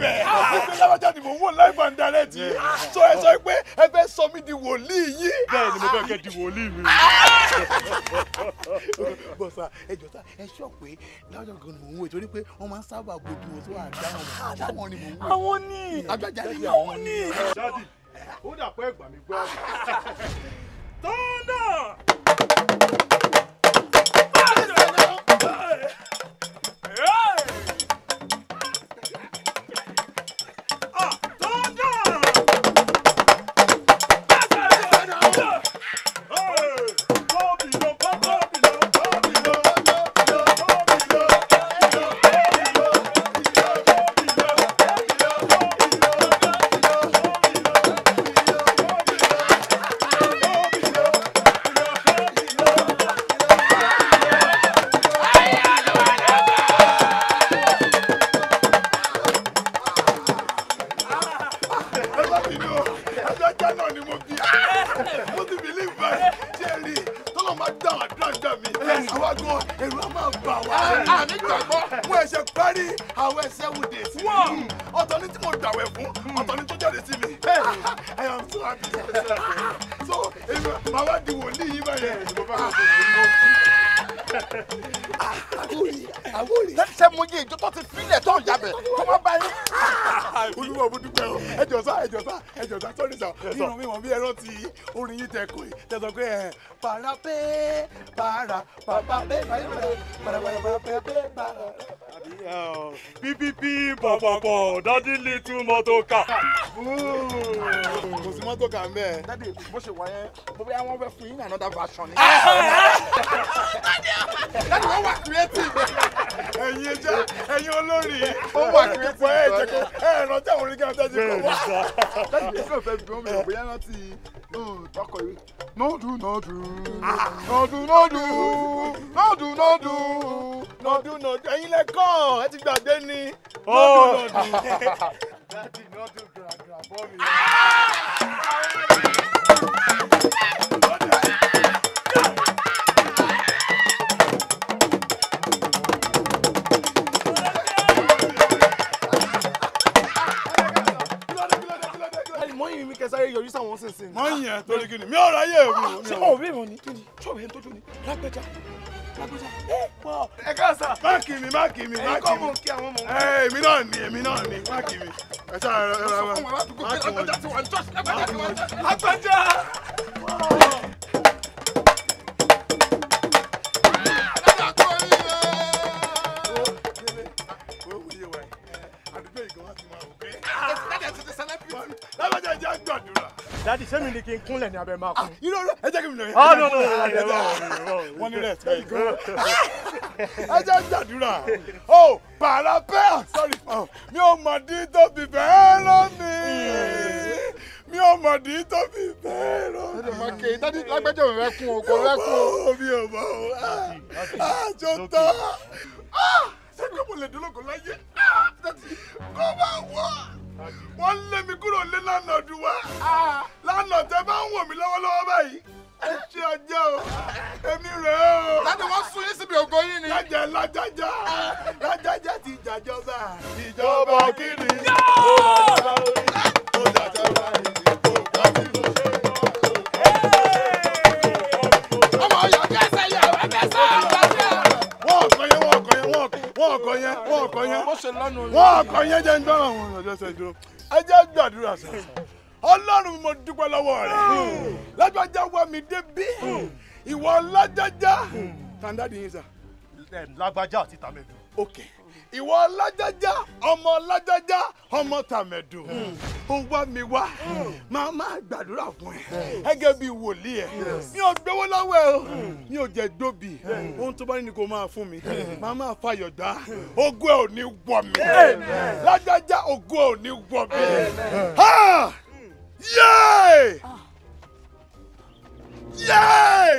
bẹ̀. àpèsè lábàjá ni mò ń wò live and direct yìí sọ ẹ sọ pé ẹ fẹ́ sọ mí di wòlíì yìí. bẹ́ẹ̀ ni mo fẹ́ kẹ́ di wòlíì mi. bọ́sà ẹ jọ̀ta ẹ sọ pé láwùjọ kan mò ń wò torí pé wọ́n máa ń sábà gbòdì wò tó wà dáhùn àdáhùn ni mò ń wò. àwọn ni àgbàjá ni àwọn ni. dádì ó dà pé ẹgbàá mi gbọ́ tọ́ndà. àwòrè àwòrè. lẹ́sẹ̀ mo yé ìjọ tó ti filẹ̀ tó ń yabẹ̀ tó má bá yín olúwa mo dúpẹ́ o ẹjọ sá ẹjọ sá ẹjọ sá sọ́ni sọ nínú mi wọ̀n bí ẹran ti orin yín tẹ kọ́ tẹ sọ pé ẹ para pé para papa pé para para para pé pé para. pípípí pọ̀pọ̀pọ̀ dádì little mọ́tò kà. kò sí mọ́tò kà ń bẹ́ẹ̀. dádì bó ṣe wà yẹn bóyá wọ́n fẹ́ fún yín ní another version ni. Ah, ah, ah. dádì wọ́n wà creative ẹ̀yin ẹja ẹ̀yin olórí ó wà kí pípọ̀ ẹ̀ jẹ́ kó ẹ̀ rántí àwọn oníkẹ́ ọ̀tẹ́ ti kọ́ wá. láti ìlú ọ̀fẹ́ bí wọ́n bẹ̀rẹ̀ bóyá láti oh, tọkọ yìí. nọ́ọ̀dù nọ́ọ̀dù nọ́ọ̀dù nọ́ọ̀dù nọ́ọ̀dù nọ́ọ̀dù nọ́ọ̀dù nọ́ọ̀dù ẹ̀yin lẹ́kọ̀ọ́ ẹ ti gbàgbé ni nọ́ọ̀dù oh. nọ́ọ̀dù. kẹsàrẹ́ yọrí sáwọn sínsìn. mọ ìyẹn torí kí ni mi ò ráyè mi. ṣé o bí mo ní kí ni ṣọ́ọ̀bù yẹn tójú ni lágbẹ́já lágbẹ́já. ẹ ká sà. má kì mí má kì mí má kì mí. ẹ̀yin kọ́ mọ̀ kí àwọn mọ̀. ẹ èmi náà ni èmi náà ni má kì mí. ẹ ṣáà rẹ rẹ rẹ má kì wọ́n. lágbẹ́já lábàjá dadi sẹ́mi ni kí n kúnlẹ̀ ní abẹ́ máa kún. Ah, irú ọ̀rọ̀ ẹ jẹ́ kí n lọ ah, no no ah, no no no wọ́n ní respect. ẹ jẹ́ gbàdúrà o bàrà bẹ́ẹ̀ sorry mi ò mọ̀ dín tóbi bẹ́ẹ̀ lónìí mi ò mọ̀ dín tóbi bẹ́ẹ̀ lónìí. ọmọ kè dadi lágbẹ́jọ́ mi fẹ́ kún o kò fẹ́ kún o. mi ò mọ̀ o àjọ tán ṣé pé mo lè dúró kó láyé kó máa wọ̀ wọ́n lé mi kúrò lé lánàá dùn wá ọ̀nà tẹ bá ń wò mí lọ́wọ́lọ́wọ́ báyìí ẹ ọjọ́ o èmi rẹ̀ o. láti wọ́n sún yín síbi ògo yín ni. lájà lájàjà lájàjà ti jàjọba. ìjọba kìíní. wọ́n ọkọ yẹn wọ́n ọkọ yẹn jẹ́ ń gbọ́ràn àwọn ọ̀dọ́sẹ̀ dúró ẹ jẹ́ gbàdúrà sọ̀rọ̀ ọlọ́run mo dúpẹ́ lọ́wọ́ rẹ̀ lágbájá wá mi débí ìwọ lágbájá tàǹdàdì yín sà. lágbájá àti tàmẹ̀dù. ok ìwọ lágbájá ọmọ lágbájá ọmọ tàmẹ̀dù ó wá mi wá máa máa gbàdúrà fún ẹ gẹ́gẹ́ bí wòlíì ẹ mi ò gbowó lọ́wọ́ ẹ o mi ò jẹ gbòbì ohun tó bá ní ni kò máa fún mi máa máa fàyọ̀ dá ogún ẹ ò ní wọ̀ mí lágbájá ogún ẹ ò ní wọ̀ mí yéé yéé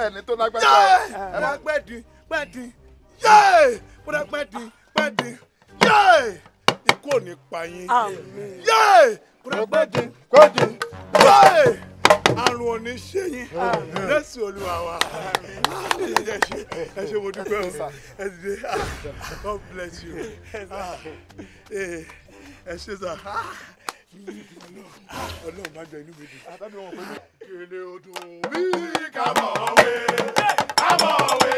ẹni tó lágbára ẹ Yay! gbẹ̀dì gbẹ̀dì yéé kúrẹ́ gbẹ̀dì gbẹ̀dì yéé ikú ò ní pa yín yéé kúrẹ́ gbẹ̀dì gbẹ̀dì yéé àrùn ò ní ṣe yín lẹ́sìn olúwa wa ẹ ṣe ẹ ṣe mo dúpẹ́ o ẹ dìde God bless you ẹ ṣe sà. Ọlọ́run má jẹ inú mi dùn. àtàbí wọn pẹ̀lú. kele odò bí kàmọ̀ wé kàmọ̀ wé.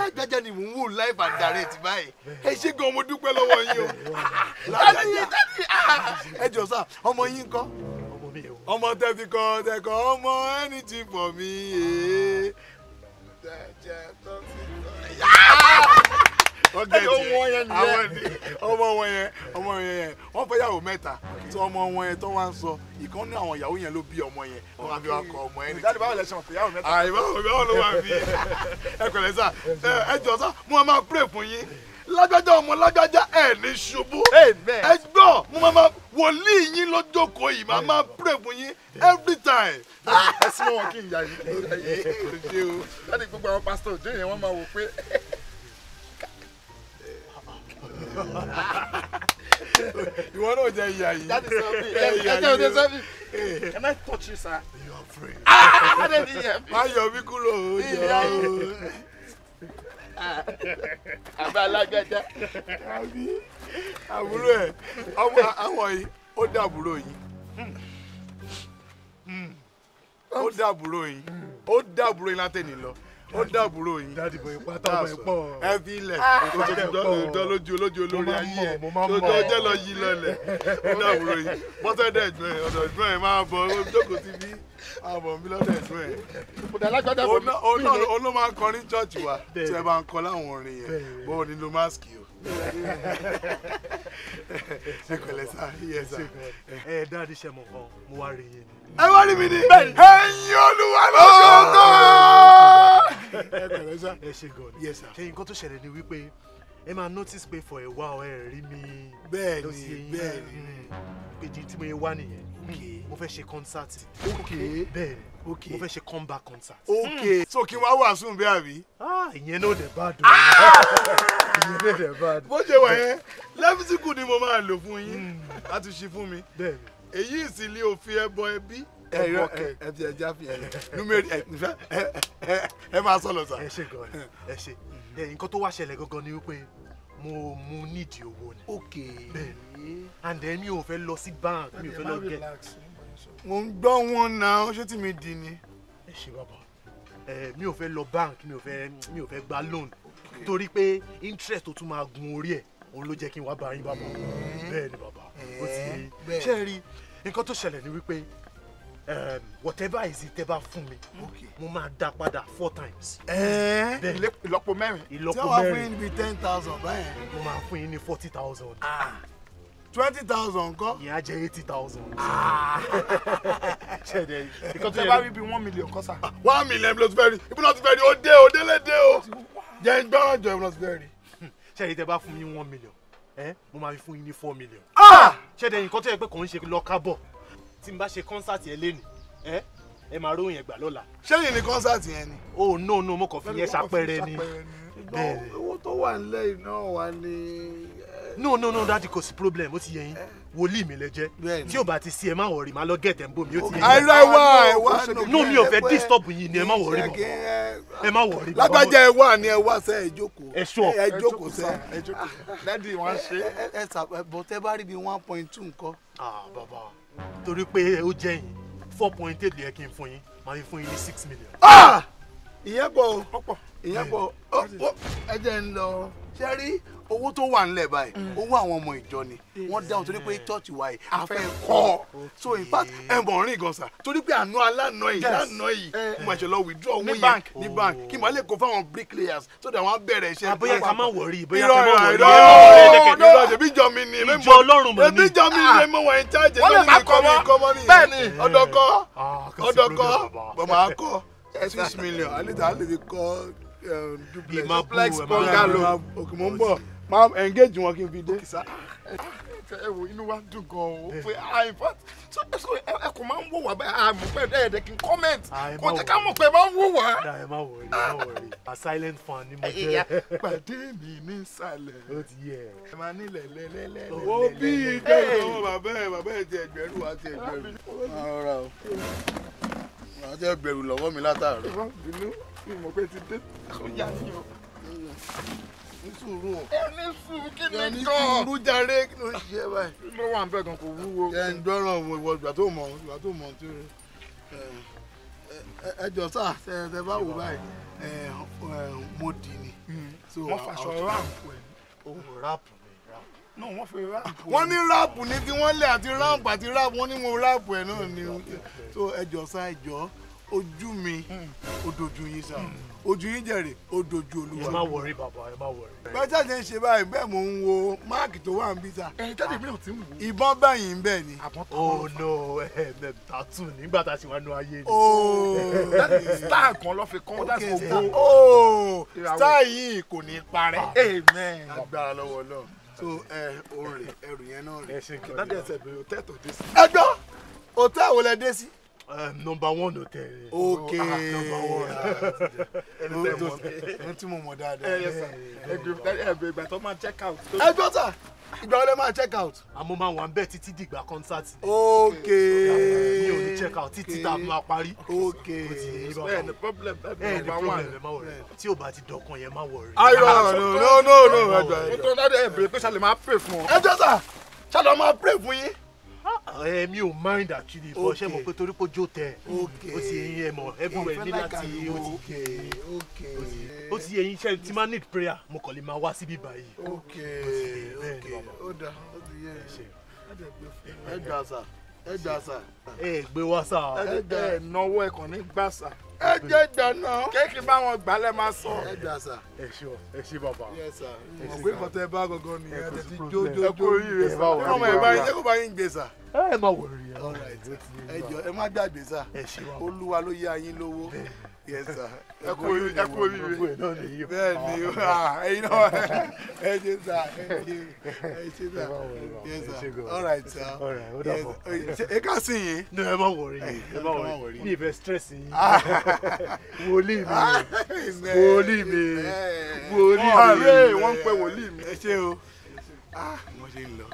lágbájá ni mò ń wò live and direct báyìí ẹ ṣé gan mo dúpẹ́ lọ́wọ́ yín o lágbájá ah, ẹ jọ sá ọmọ yín kọ́ ọmọ eh. tẹ́fi kan tẹ́kọ̀ ọmọ anything for me ọmọ wọn yẹn nìyẹn ọmọ wọn yẹn ọmọ yẹn yẹn wọn fẹ́ yàwó mẹ́ta tí ọmọ wọn yẹn tó wá ń sọ ìkan ní àwọn ìyàwó yẹn ló bí ọmọ yẹn wọn àbí wọn kọ ọmọ yẹn nìyẹn. ìdádìbáwò lẹ ṣe mọ̀ pé yàwó mẹ́ta. àìbáwò báwò ló máa fi ẹ pẹ̀lẹ́ sà ẹ jọ sà mo máa pray fún yín lágbájá ọmọ lágbájá ẹ ní ṣubú ẹ gbọ́ mo máa wòlíì yín lójókòó yìí máa máa pray fún yín every time. ẹ sọ wọn kí n yà yín. ṣé o láti gbogbo àwọn pásítọ̀ òjò yẹn wọ́n máa wò pé ìwọ náà jẹ ìyá yìí. that is something ẹ jẹ́ òde sọ́fì. can I touch you sir. you are free. adé ti yẹ mi. má yọ mí kúrò ó ah, àbá alágbájá. àbúrò ẹ ọmọ àwọn yìí ó dàbúrò hmm. hmm. yìí ó dàbúrò yìí ó dàbúrò yìí látẹ̀ nílọ ó dàbúrò yín dáàdì bò ipá táwọn ẹ̀pọ̀ ẹ fi ilẹ̀ ìjọ ah. lójú olójú olórí ayé ẹ lójú ọjọ́ lọ yí lọlẹ̀ ó dàbúrò yín bọ́sẹ̀dẹ̀ ẹ̀gbọ́n ẹ̀ ọ̀dọ̀ ẹ̀gbọ́n ẹ̀ máa bọ̀ jókòó sí bí àbọ̀ mi lọ́dọ̀ ẹ̀gbọ́n ẹ̀. olóò máa ń kọrin chọ́ọ̀chì wa tí ẹ bá ń kọ láwọn orin yẹn bọ́ọ̀ nílò máàsì o ẹ kọlẹ sá yẹ sá. ẹ dáàdì ṣe mọ kan mo wá rí yẹn. ẹ wá rí mi ni ẹyin olúwa lọ́gọ́gọ́ ẹ pẹ̀lẹ́ sá ẹ ṣe gan ni ṣe nǹkan tó ṣẹlẹ̀ ni wípé ẹ máa notice pé for a while ẹ rí mi bẹ́ẹ̀ni bẹ́ẹ̀ni péjì hmm. tí mo yẹ wá nìyẹn hmm. mo fẹ́ ṣe concert bẹ́ẹ̀ni mo fẹ́ ṣe comeback concert. ok hmm. so kí n wá wàásù bí àbí. Ah, ìyẹn náà dẹ̀ bá dùn ah! ìyẹn náà dẹ̀ bá dùn. bó ṣe wà yẹn lẹ́físíkù ni mo máa lò fún yín láti ṣí fún mi èyí ìsìlẹ̀ òfin ẹbọ ẹbí. ẹ ẹ ẹ ti ẹ jáfe ẹ numeri ẹ nfẹ ẹ ẹ. ẹ máa sọ lọ sà. ẹ ṣe gan ẹ ṣe nǹkan tó wá ṣẹlẹ̀ gangan ni wípé mo mu nídìí owó ni. ok bẹ́ẹ̀ni and then mi ò fẹ́ lọ sí bank mi ò fẹ́ lọ gẹ. mo ń gbọ́ wọn náà ṣé tí mi di ni. ẹ ṣe bàbá ẹ mi ò fẹ́ lọ bank mi ò fẹ́ mi ò fẹ́ gba loan torí pé interest tó tún máa gun orí ẹ̀ òun ló jẹ́ kí n wá bá yín bàbá eh. bẹ́ẹ̀ ni bàbá ó ti eh. ṣe rí nǹkan tó ṣẹlẹ̀ ni wípé um, whatever is it tẹ́ bá fún mi mo máa da padà four times. Eh? ìlọ́po mẹ́rin ìlọ́po mẹ́rin tí wọ́n fún yín níbi ten thousand báyẹn. mo máa fún yín ní forty thousand. Ah. twenty thousand kọ́. ìyẹn jẹ eighty thousand. ṣẹ̀dẹ̀ ìkọ́tún yẹn. tẹ́ bá rí bí one million kọ́ ah, one million ló ti fẹ́ rí ibi náà ti fẹ́ rí ó dé ó délé dé ó jẹ́ gbọ́ràn jọ ibi náà ti fẹ́ rí. ṣẹ̀dẹ̀ tẹ́ bá fún mi one million eh? mo máa fi fún yín ní four million. Ah! ṣẹ̀dẹ̀ ìkọ́tún yẹn pé kò ń ṣe lọ́ọ́ kábọ̀ tí n bá ṣe kọ́nsáàtì ẹ lẹ́nu ẹ ẹ máa róhùn yẹn lọ́la. ṣẹ́yìn ni kọ́nsáàtì yẹn ni. o oh, no no mo kàn fi yẹn ṣàpẹrẹ ni. bẹ́ẹ̀ owó tó wà nílẹ̀ iná wa ni. no no no dadi kò sí problem ó ti yẹ yín wòlíì mi lẹ jẹ tí o bá ti sí ẹ má wọrí ma lọ gẹ̀tẹ̀ ń bò mí ó ti yẹ yín. ara ẹwà ẹwà nù mi ò fẹ́ disturb yín ni ẹ má wọrí mọ́ ẹ má wọrí mọ́. lágbájá ẹwà ni ẹwà sẹ ẹ jókòó ẹ sọ ẹ jókòó sẹ ẹ jókòó dadi wọn ṣe. ẹ ẹ bọ̀tẹ́ bá rí bí one point two nǹkan. ah bàbá torí pé ó jẹ́ yín four point eight lè kí n fún yín màá fi fún yín ní six million. Ah! ìyẹn pọ̀ ìyẹn pọ̀ ń lọ ṣẹ́rí owó tó wà nílẹ̀ báyìí mm. owó àwọn ọmọ ìjọ ni wọ́n dáhùn torí pé mm. chọ́ọ̀chì wa yìí a kọ́ so in fact ẹ̀bọ̀n rìn gan sa torí pé àná alánà yìí lánà yìí eh, mo eh. ṣe lọ withdraw owó yẹn ní bank oh. kí n bá lè kó fáwọn bricklayers so that wọ́n á bẹ̀rẹ̀ iṣẹ́. àbóyá ká má wọrí bóyá ká má wọrí ìrọ̀ ìrọ̀ ìbí jọ mi ni ìjọ ọlọ́run mi ni ìbí jọ mi ni mo wà in charge lórí mi kọ́ mi kọ́ mọ́ mi bẹ́ẹ̀ ni ọ̀dọ́kọ́ ah, ọ̀dọ́kọ́ bọ̀mọ̀ akọ́ eh, six million àlejò àlejò kọ́ duplex bungalow òkè mò ń bọ̀ máa engage wọn kí n fi dé. ẹ wo inú wa dùn gan o pé ah, in fact so so ẹ kò máa ń wò wá bẹ́ẹ̀ àmọ́ pé ẹ kí n comment ah, kò jẹ́ ká mọ̀ pé ẹ máa ń wò wá. ẹ má wọrí ẹ má wọrí a silent fan ni mo jẹ. pàdé mi ní sàlẹ̀. ó ti yẹ. ẹ máa ní lẹ́lẹ́lẹ́lẹ́. ó bí ìgbẹ́ ìgbọ́n bàbá ẹ̀ bàbá ẹ̀ ti ẹgbẹ̀rún wa ti ẹgbẹ̀rún. ọ̀rọ̀ ah, o wàá jẹ́ ẹgbẹ̀rún lọ́wọ́ mi látàárọ̀. ìwọ́n bínú ìmọ̀ ti dé ní sùúrù o. ẹ ní sùúrù kí ni gan. ní sùúrù jàre kí ló ń ṣe báyìí. ló wà níbẹ̀ gan kò wúwo. ẹ ń dọ́ràn wọ ìgbà tó mọ̀ ìgbà tó mọ̀ tí ẹ jọ sáà tẹ ẹ bá wò báyìí mo dì ní. Hmm. wọ́n fàṣọ ráàpù ẹ̀. ohun ráàpù ni ráàpù. náà wọ́n fi ráàpù. wọ́n ní ráàpù ní tí wọ́n lẹ̀ àti ráàpù àti ráàpù wọ́n ní mo ráàpù ẹ̀ náà ni. so ẹ jọ sáà ẹ jọ ojú mi ó dojú yín sá ojú yín jẹrè ó dojú olúwa. ẹ má wọrí bàbá ẹ má wọrí. bẹ́ẹ̀ jáde ń ṣe báyìí bẹ́ẹ̀ mò ń wo máàkì tó wà ń bí sá. ẹ jáde mi náà ti ń wò. ìbọn bẹ́yìn bẹ́ẹ̀ ni. oh no ẹ ẹ tàtù nígbà tá a ti wá nu ayé ni. ooo oh. star kan ló fi kún láti gbogbo. ooo star yìí kò ní parẹ́. Ah. amen. agbára lọ́wọ́ náà so ẹ orin ẹrù yẹn náà rè. ẹ ṣe kí n lọ. ẹgbẹ́ òtẹ́ àwọn lẹ dé sí um, number one hotel. ok number one. ẹni tí mo mọ̀ dáadáa. ẹgbẹ́ tó máa check out. ẹjọ́ sà ìgbà wo lẹ máa check out. àmọ́ máa wà ń bẹ̀ títí dìgbà concert. ok mi ò ní check out títí tá a máa parí. ok bẹ́ẹ̀ ni problem bẹ́ẹ̀ ni problem ẹ má wọ̀rẹ́ tí o bá ti dọ̀kan yẹn má wọ̀rẹ́. ayọ̀ no no no ẹjọ́ ẹjọ́. mo tọ́ dáadé ẹ̀ bèrè pé ṣàlẹ̀ máa pè fún ọ. ẹjọ́ sà ṣàlẹ̀ máa pè fún yín mi ò mind actually bọ́ ṣé mo pé torí pé jó tẹ ó ti yẹn ẹ mọ̀ everywhere ní láti ó ti yẹn ṣe ti máa need prayer mo kàn lè máa wá síbí báyìí. ó ti yẹn bẹ́ẹ̀ ni ọmọ ẹ ṣe ẹ gbà sá ẹ gbà sà. ẹ gbé wá sà. ẹ jẹ ìnáwó ẹ kàn ní gbà sà. ẹ jẹ ìdáná. kéèkì bá wọn gbà lẹ máa sọ. ẹ gbà sà. ẹ ṣe ọ ẹ ṣe bàbá. ọgbẹ́ kọ́tẹ́ bá gangan ni ẹ ti jó jó jó. ẹ kú oríire sà. ẹ má wọrí ẹ kó bá yín gbé sà. ẹ má wọrí ẹ. ẹ jọ ẹ má gbàgbé sà. ẹ ṣe bàbá. olúwa ló yá yín lówó yes sir ẹ kú ẹ kú oríire bẹ́ẹ̀ ni ah, ẹyin náà ẹ ṣe sá ẹ ṣe yes sir all right sir yes ẹ ká sí yín. no ẹ má wọrí ẹ má wọrí ní ìfẹ́ stress yìí ah. wòlíì mi ah, wòlíì mi wòlíì mi wọ́n ń pẹ́ wòlíì mi. ẹ ṣe o wọ́n ṣe ń lọ.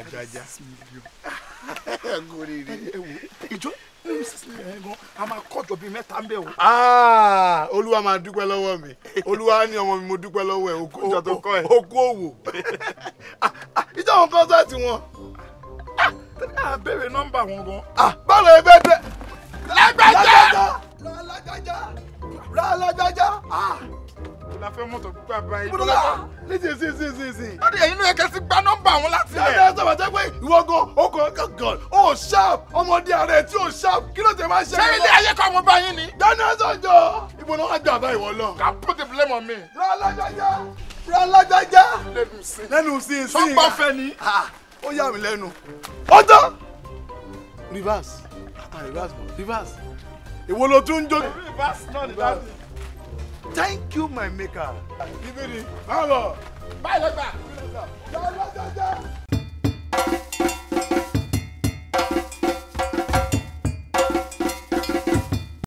ajaja gorire ìjọ a máa kọjọ bíi mẹ́ta ń bẹ o. Ah, olúwa máa dúpẹ́ lọ́wọ́ mi olúwa ní ọmọ mi mo dúpẹ́ lọ́wọ́ ẹ̀ okú òwò ah, ah, ìjọ àwọn kọ́ńtàtì wọn. tẹ́lẹ̀ à béèrè nọ́mbà wọn gan. báwo ni bẹ́ẹ̀ tẹ́. lágbájá lágbájá lágbájá la fẹ́ mọ́tò gbígbà báyìí. bùdókà léṣe ṣe ṣe ṣe ṣe. lóde ẹ̀yin ló yẹ kẹ́sí gba nọ́mbà wọn láti rẹ̀. ẹ sọ̀rọ̀ jẹ́ pé ìwọ gan o kò gàn o ò sharp ọmọdé ààrẹ tí o sharp kí ló ṣe máa ṣe. ṣé ilé ayé kọ́ ọmọ báyìí ni. dáná sọ̀jọ́ ìbò náà wá gbà bá ìwọ lọ. ká put the blame on me. rọ́lájájá rọ́lájájá. lẹ́nu sí i lẹ́nu sí i sí i. sọ́pọ̀ fẹ́ ni. ó yà mí lẹ́nu. ó tán. reverse ah, reverse reverse. ìwo ló tún jó. reverse náà ni thank you my maker. ìbéèrè báwo báyìí lọ́gbà. yọ̀ọ́ lọ́jọ́jọ́.